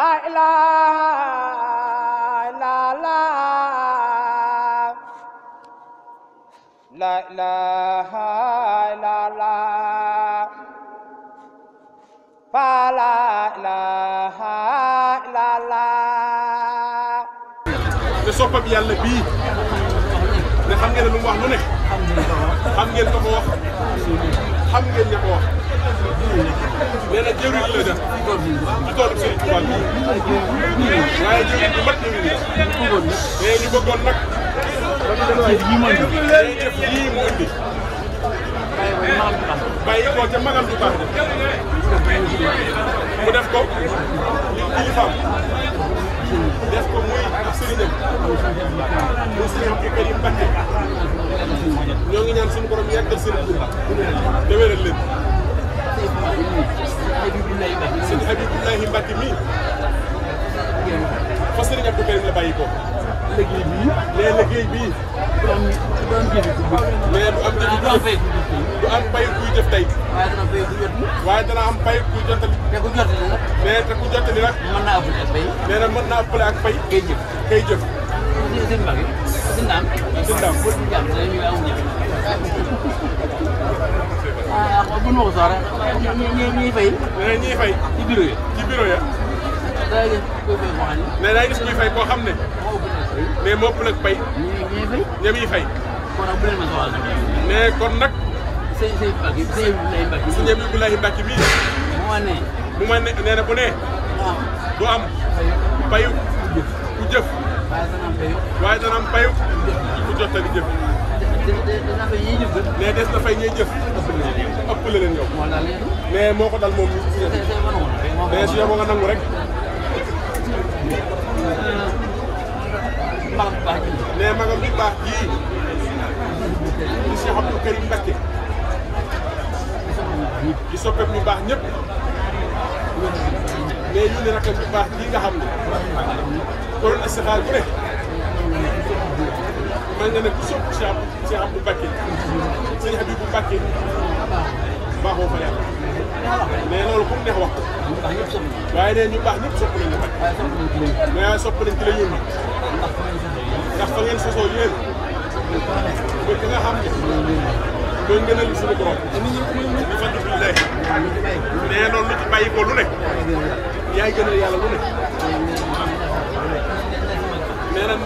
la ilaha illa allah la ilaha illa allah fa la ilaha illa allah te soppam yàlla bii ne xam ngeen lu mu wax lu ne xam ngeen ko ko wax xam ngeen ña ko wax nee na jëriñ la def ci toolu Sëriñ Tuubaa bi waaye jëriñ bu mat ñu ngi nii ñu bëggoon nag def lii mu indi bàyyi ko ca magam du baax mu def ko li kilifaam def ko muy sëriñam mu sëriñam Karim Mbacké ñoo ngi ñaan suñu borom yàggal seen dund déwénal leen sëñ Habibullahi la ko liggéey bii nee liggéey bii du am am du am bay te ku jottali nag naa ëppale ak fay nee na seen mbagg seen daam seen daam dañuy am ñebe ah fay ñi ya ci bureau fay koo xam ne mais moo ëpp nag fay fay ñam yi fay kon nag bu leen ma kon nag sëñ sëñ mbagg sëñ lay mbagg sëñ Abdoulaye mi ne mu bu ne du am bayu ku jëf waaye dana am payu. waaye dana am payu. ku jottali jëf. mais des na fay jëf. ëpp la leen yow. mais moo ko dal moom ñu. su yeboo nga nangu rek. mais magam bi baax ji. di Cheikh Abdou baax ñëpp. mais ñu ne rakam bi baax ji nga xam ne. kon astixaar bu ne man nga ne ku sopp ci am bu Mbàkke sëñ Habib bu Mbàkke baaxoo fa yàlla mais loolu ku mu neex wax ko waaye nee ñu baax ñëpp sopp nañ la Mbàkke mais sopp nañ ki la yónni ndax fa ngeen sosoo yéen mooy ki nga xam ne mooy ngëneel suñu borom di fa dugg léegi mais loolu lu ci bàyyi ko lu ne yaay gënal yàlla lu ne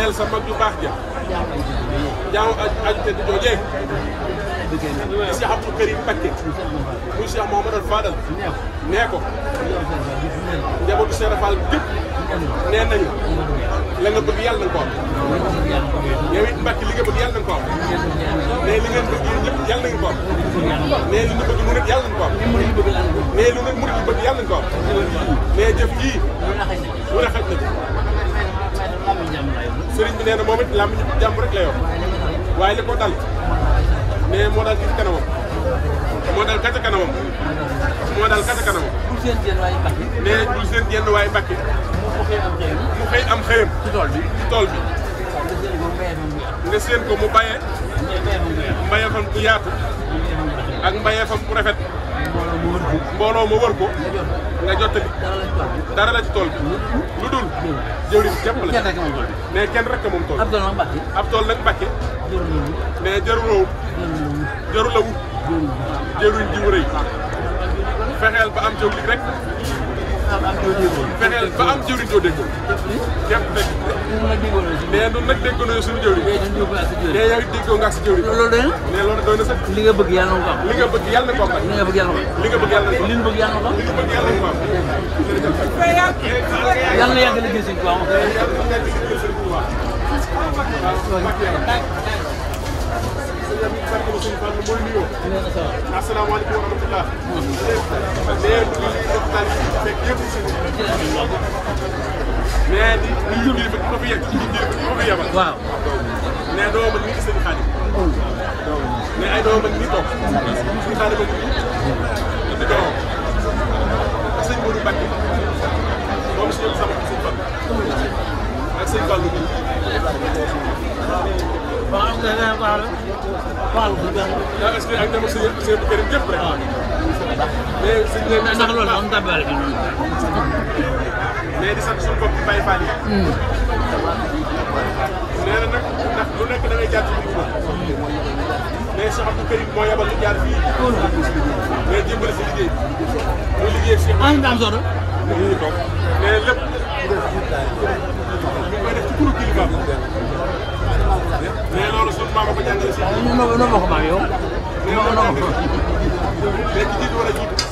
neel sa mag yu baax ja jaaw aju te di joojee di Cheikh Abdou Karim Mbacké muy Cheikh Mouhamadou Fadal nee ko njabootu Cheikh Rafal gépp nee nañu la nga bëgg yàlla na ko am yow it Mbacké li nga bëgg yàlla na ko am nee li ngeen bëgg yéen ñëpp yàlla na ko am nee li ñu bëgg mu nekk yàlla na ko am nee lu ne murid yi bëgg yàlla na ko am nee jëf yii mu ne xaj na sëriñ bi nee na moom it làmb ñu jàmm rek la yor waaye li ko dal mais moo dal gis kanamam moo dal kàcce kanamam kanamam. bul mu xëy am xëyam. ci tool bi ci tool bi. nga seen ko mu bayee mbayeefam bu yaatu ak mbayeefam bu rafet mbooloo ma wër ko nga jottali dara la ci tool bi lu dul jëwriñ jëpp la mais kenn rek moom tool ab tool nag mbàkke mais jëruloo jëru la wut jëruñ jiw rëy fexeel ba am jëwriñ rek fexeel ba am jëwriñ joo mais ñun nag déggoo nañu suñu jëwriñ mais yow it déggoo nga si jëwriñ loolu doy na mais loolu doy na sax li nga bëgg yàlla na ko am li nga bëgg yàlla na ko am li nga bëgg yàlla na ko am li nga bëgg yàlla na ko am li nga bëgg yàlla na ko am li nga bëgg yàlla na ko am yàlla na yàgg liggéey sëñ Tuubaa asalaamaaleykum wa rahmatulah mais di di jur gi ko fi yegg jur gi ko fi yebal. waaw mais doo mën ni sëñ Xaadim. mais ay doo mën ni toog. sëñ Xaadim ak kii di ko woo. ak sëñ Modou Mbacke moom si ñoom sama sëñ Fall. ak sëñ Fall bi. waaw am na leneen Fall. Fall bu baax. est-ce que ak dem ak sëñ Kërim ñëpp rek. ndax loolu am tabaale bi noonu. mais di sant suñu bopp Baye Fall yi. nee na nag ndax lu nekk da ngay jaar ci biir mais Cheikh Abdou Karim moo yabal ñu jaar fii. mais dimbali si liggéey bi. mu liggéey si. ah ñu daan solo. ñu toog mais lépp. ñu koy def ci kuru kilifa. mais loolu sunu maam ko jàngale si. non non non non non non non non non non non non non non non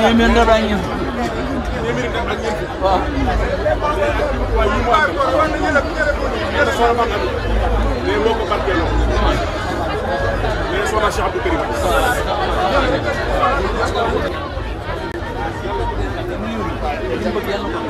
ñeemeen dara ak ñeent. waaw. mais moo ko barkeeloo mais soxna Cheikh Abdou Karim yàlla ko